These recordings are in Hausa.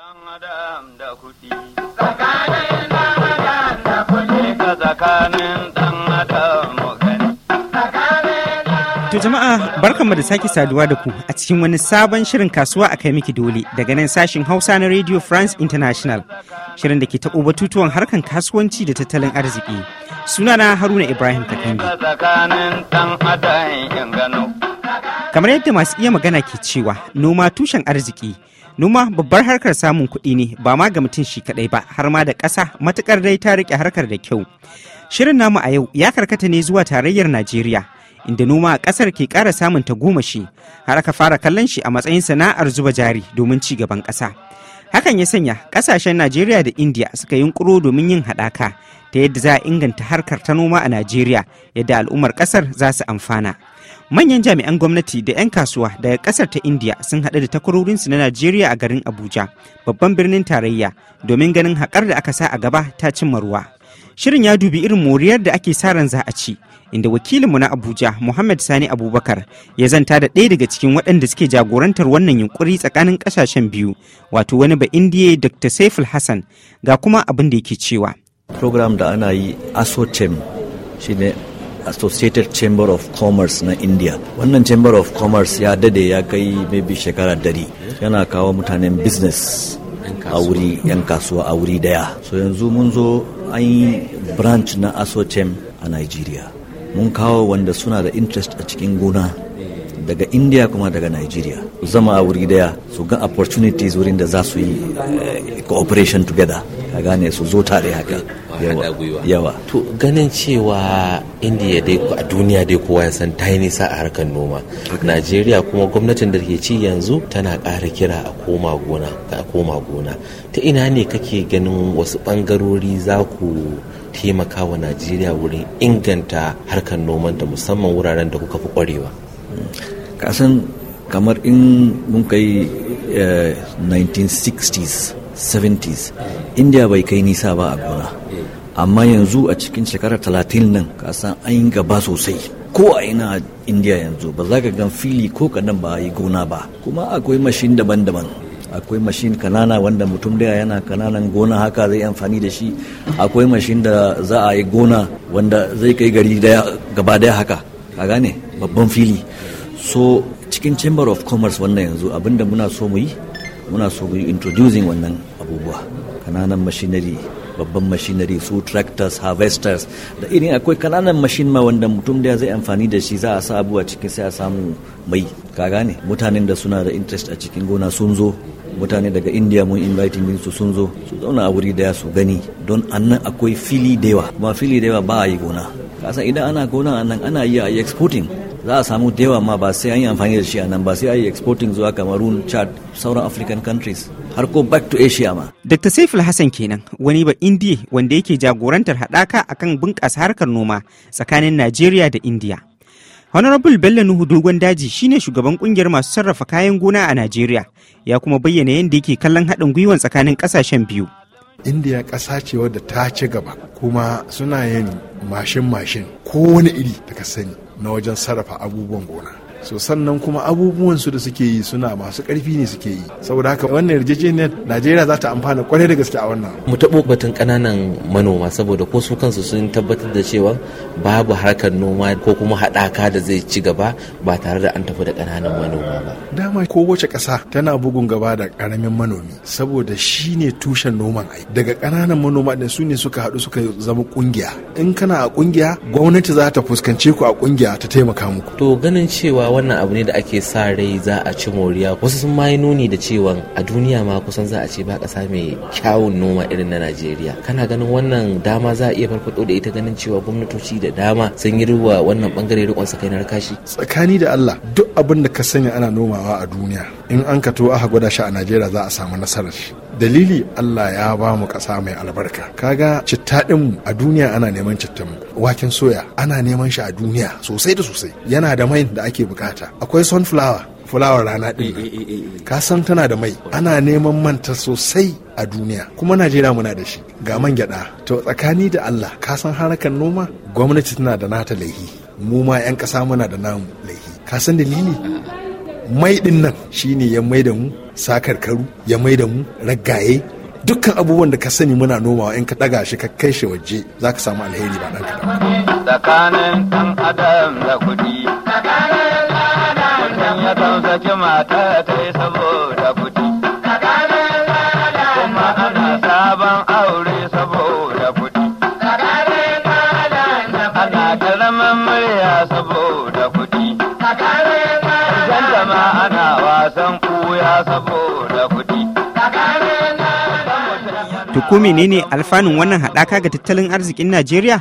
To jama'a barkanmu da sake saduwa da ku a cikin wani sabon shirin kasuwa a kai miki dole daga nan sashin Hausa na Radio France International. Shirin da ke taɓo batutuwan harkan kasuwanci da tattalin arziki. Sunana Haruna Ibrahim Kakangi. Kamar yadda masu iya magana ke cewa noma tushen arziki Noma babbar harkar samun kuɗi ne ba ma ga mutum shi kaɗai ba har ma da ƙasa matuƙar dai ta riƙe harkar da kyau. Shirin namu a yau ya karkata ne zuwa tarayyar Najeriya inda noma a ƙasar ke ƙara samun ta goma shi har aka fara kallon shi a matsayin sana'ar zuba jari domin ci gaban ƙasa. Hakan ya sanya ƙasashen Najeriya da Indiya suka yunƙuro domin yin haɗaka ta yadda za a inganta harkar ta noma a Najeriya yadda al'ummar ƙasar za su amfana. manyan jami'an gwamnati da 'yan kasuwa daga kasar ta indiya sun haɗu da takwarorinsu na najeriya a garin abuja babban birnin tarayya domin ganin haƙar da aka sa a gaba ta cimma ruwa shirin ya dubi irin moriyar da ake sa ran za a ci inda wakilinmu na abuja muhammad sani abubakar ya zanta da ɗaya daga cikin waɗanda suke jagorantar wannan yunkuri tsakanin ƙasashen biyu wato wani ba indiya dr saiful hassan ga kuma abin da yake cewa program da ana yi asotem shine associated chamber of commerce na india wannan chamber of commerce ya dade ya kai maybe shekara dari yana kawo mutanen business a wuri yan kasuwa a wuri daya so yanzu mun zo an yi branch na asochem a nigeria mun kawo wanda suna da interest a cikin gona daga india kuma daga nigeria zama a wuri daya su ga opportunities wurin da za su yi eh, cooperation together ka gane su zo tare haka yawa to ganin cewa india dai a duniya dai kowa ya san ta yi nisa a harkar noma najeriya kuma gwamnatin da ke ci yanzu tana ƙara kira a koma gona a koma gona ta ina ne kake ganin wasu ɓangarori za ku taimaka wa najeriya wurin inganta harkar noman da musamman wuraren da kuka fi ƙwarewa hmm. kasan kamar in mun kai 1960s eh, 70s india bai kai nisa ba a gona amma yanzu a cikin shekara talatin nan kasan an yi gaba sosai ko a ina india yanzu ba za ka gan fili ko kadan ba yi gona ba kuma akwai mashin daban-daban akwai mashin kanana wanda mutum daya yana kananan gona haka zai amfani da shi akwai mashin da za a yi gona wanda zai kai gari gaba daya haka ka gane babban fili so cikin chamber of commerce wannan yanzu abinda muna so mu yi muna so mu yi introducing wannan abubuwa kananan machinery babban machinery su tractors harvesters da irin akwai kananan machine ma wanda mutum da zai amfani da shi za a sa abuwa cikin sai a samu mai ka gane mutanen da suna da interest a cikin gona sun zo mutane daga india mun inviting din su sun zo su zauna a wuri daya su gani don annan akwai fili da yawa kuma fili da yawa ba a yi gona kasan idan ana gona annan ana yi a exporting za a samu da yawa ma ba sai an yi amfani da shi a nan ba sai a yi exporting zuwa cameroon chad sauran african countries har ko back to asia ma dr saiful hassan kenan wani ba indiya wanda yake jagorantar haɗaka kan bunƙasa harkar noma tsakanin najeriya da indiya honorable bello nuhu dogon daji shine shugaban kungiyar masu sarrafa kayan gona a najeriya ya kuma bayyana yadda yake kallon haɗin gwiwa tsakanin ƙasashen biyu indiya ƙasa ce wadda ta ci gaba kuma suna yin mashin mashin ko wani iri daga sani na wajen sarrafa abubuwan gona so sannan kuma abubuwan su da suke yi suna masu karfi ne suke yi saboda haka wannan yarjejeniyar najeriya za ta amfana kwarai da gaske a wannan mu taɓo batun ƙananan manoma saboda ko su kansu sun tabbatar da cewa babu harkar noma ko kuma haɗaka da zai ci gaba ba tare da an tafi da ƙananan manoma ba dama ko kowace ƙasa tana bugun gaba da ƙaramin manomi saboda shi ne tushen noman ai daga ƙananan manoma da su ne suka haɗu suka zama ƙungiya in kana a ƙungiya gwamnati za ta fuskance ku a ƙungiya ta taimaka muku to ganin cewa wannan abu ne da ake sa rai za a ci moriya wasu sun ma yi nuni da cewa a duniya ma kusan za a ce ba ƙasa mai kyawun noma irin na najeriya kana ganin wannan dama za a iya farfado da ita ganin cewa gwamnatoci da dama sun yi ruwa wannan bangare rikon na kashi tsakani da allah duk abin da ka sanya ana nomawa a duniya in an ka to aka gwada shi a najeriya za a samu nasarar shi dalili Allah ya ba mu ƙasa mai albarka kaga citta ɗin a duniya ana neman mu waken soya ana neman shi a duniya sosai da sosai yana da mai da ake bukata akwai sunflower fulawar rana ɗin eh, eh, eh, ka san tana da mai ana neman manta sosai a duniya kuma najeriya muna da shi ga man gyada. to tsakani da allah ka san harkar noma gwamnati tana da nata laihi mu ma 'yan ƙasa muna da namu laihi ka san dalili mai din nan shine ya mai da sakarkaru ya mai da mu ragaye dukkan abubuwan da ka sani muna nomawa in ka ɗaga shi ka kai shi waje za ka samu alheri ba ɗan kaɗan. tsakanin ɗan adam da kuɗi mutum ya kan mata ta yi saboda kuɗi kuma ana sabon aure saboda kuɗi ana karamin murya saboda ana wasan kuya saboda kuɗi. Tuku menene alfanun wannan haɗaka ga tattalin arzikin Najeriya?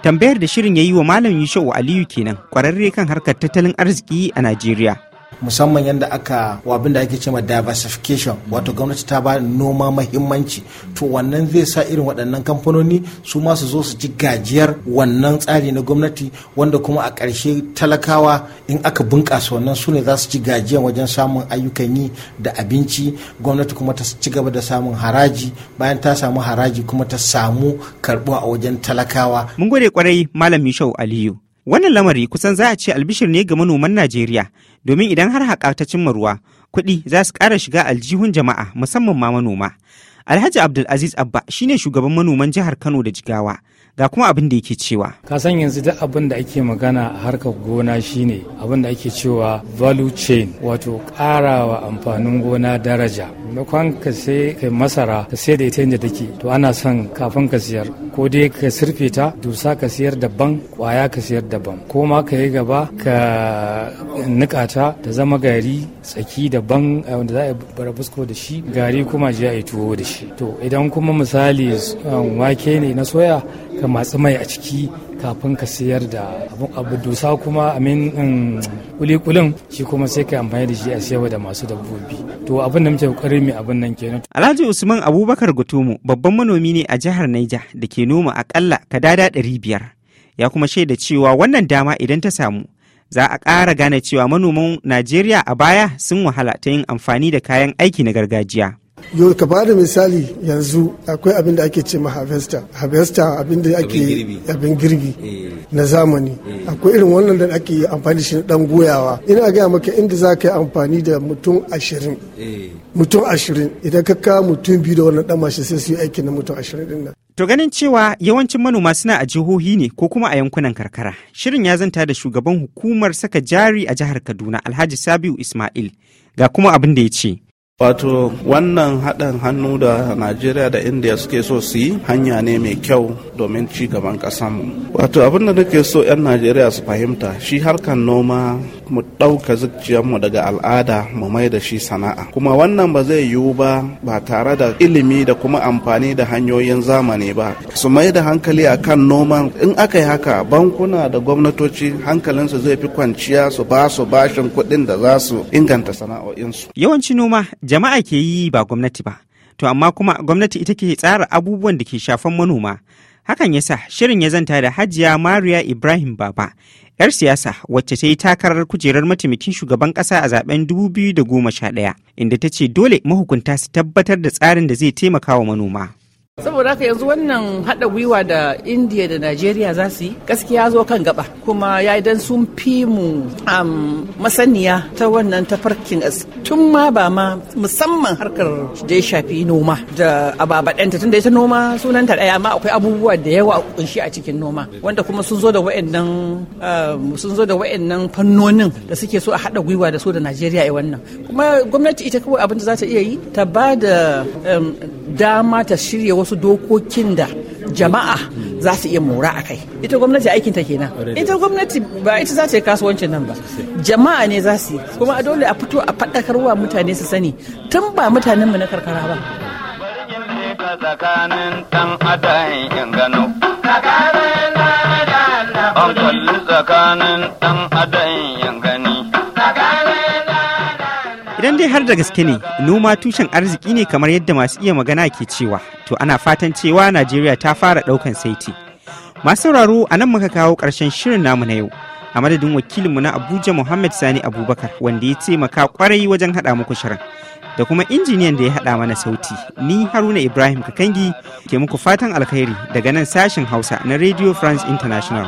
Tambayar da shirin ya yi wa Malam wa Aliyu kenan, ƙwararre kan harkar tattalin arziki a Najeriya. musamman yadda aka wabin da ake cewa diversification wato gwamnati ta ba noma mahimmanci to wannan zai sa irin waɗannan kamfanoni su ma su zo su ji gajiyar wannan tsari na gwamnati wanda kuma a ƙarshe talakawa in aka bunƙasa wannan su ne za su ci gajiyar wajen samun ayyukan yi da abinci gwamnati kuma ta ci gaba da samun haraji bayan ta samu haraji kuma ta samu karɓuwa a wajen talakawa. Mun gode kwarai Malam Mishau Aliyu. Wannan lamari kusan za a ce albishir ne ga manoman Najeriya domin idan har haƙa ta cimma ruwa kuɗi za su ƙara shiga aljihun jama'a musamman ma manoma. Alhaji Abdulaziz Abba shine shugaban manoman jihar Kano da Jigawa ga kuma abin da yake cewa ka san yanzu duk abin da ake magana a harkar gona shine abin da ake cewa value chain wato karawa amfanin gona daraja makon ka sai kai masara ka sai da ita yadda take to ana son kafin ka siyar ko dai ka surfe ta dusa ka siyar daban kwaya ka siyar daban ko ma ka yi gaba ka nika ta ta zama gari tsaki daban eh, wanda za a bara fusko da shi gari kuma je a yi tuwo da shi to idan kuma misali eh, wake ne na soya ka matsi mai a ciki kafin ka sayar da abin abu dusa kuma amin um, kulikulin shi kuma sai ka amfani da shi a sayarwa da masu dabbobi to abin da muke kokarin mai abin nan kenan Alhaji Usman Abubakar Gutumu babban manomi ne a jihar Niger da ke noma akalla kadada 500 ya kuma shaida cewa wannan dama idan ta samu za a ƙara gane cewa manoman Najeriya a baya sun wahala ta yin amfani da kayan aiki na gargajiya. yau ka da misali yanzu akwai abin da ake ce harvester harvester abin da ake abin girbi eh. na zamani eh. akwai irin wannan da ake amfani shi dan goyawa ina gaya maka inda za ka yi amfani da mutum ashirin eh. mutum ashirin idan ka ka mutum biyu da wannan dan mashi sai su yi aiki na mutum ashirin din To ganin cewa yawancin manoma suna a jihohi ne ko kuma a yankunan karkara. Shirin ya zanta da shugaban hukumar saka jari a jihar Kaduna Alhaji Sabiu Ismail ga kuma abin da ya ce. Wato wannan haɗin hannu da Najeriya da Indiya suke so su yi hanya ne mai kyau domin ci gaban mu Wato abin da nake so 'yan Najeriya su fahimta shi harkar noma mu ɗauka zuciyarmu daga al'ada mu mai da shi sana'a kuma wannan ba zai yiwu ba ba tare da ilimi da kuma amfani da hanyoyin zamani ba su mai da hankali a kan noman in aka yi haka bankuna da gwamnatoci hankalinsu zai fi kwanciya su ba su bashin kuɗin da za su inganta sana'o'insu yawanci noma jama'a ke yi ba gwamnati ba to amma kuma gwamnati ita ke tsara abubuwan da ke shafan manoma hakan yasa shirin ya zanta da hajiya mariya ibrahim baba 'yar siyasa wacce ta yi takarar kujerar mataimakin shugaban kasa a zaben 2011 inda ta ce dole mahukunta su tabbatar da tsarin da zai taimaka wa manoma. saboda haka yanzu wannan haɗa gwiwa da indiya da najeriya za su yi gaskiya zo kan gaba kuma ya idan sun fi mu masaniya ta wannan tafarkin tun ma ba ma musamman harkar da ya shafi noma da ababaɗanta tun da ita noma sunanta ɗaya amma akwai abubuwa da yawa a kunshi a cikin noma wanda kuma sun zo da wa'annan fannonin da suke so a haɗa gwiwa da su da najeriya a wannan kuma gwamnati ita kawai abin da za ta iya yi ta ba da dama ta shirya wasu dokokin da jama'a za su iya mora a kai ita gwamnati aikinta kenan ita gwamnati ba ita za ta yi kasuwancin nan ba jama'a ne za su yi kuma a dole a fito a faɗakarwa mutane su sani tun ba mutanen mu na karkara ba tsakanin dai har da gaske ne noma tushen arziki ne kamar yadda masu iya magana ke cewa to ana fatan cewa najeriya ta fara daukan saiti masu sauraro a nan muka kawo karshen shirin namu na yau a madadin wakilinmu na abuja muhammad sani abubakar wanda ya ce taimaka kwarai wajen haɗa muku shirin da kuma injiniyan da ya haɗa mana sauti ni haruna ibrahim kakangi ke muku fatan alkhairi daga nan sashen hausa na radio france international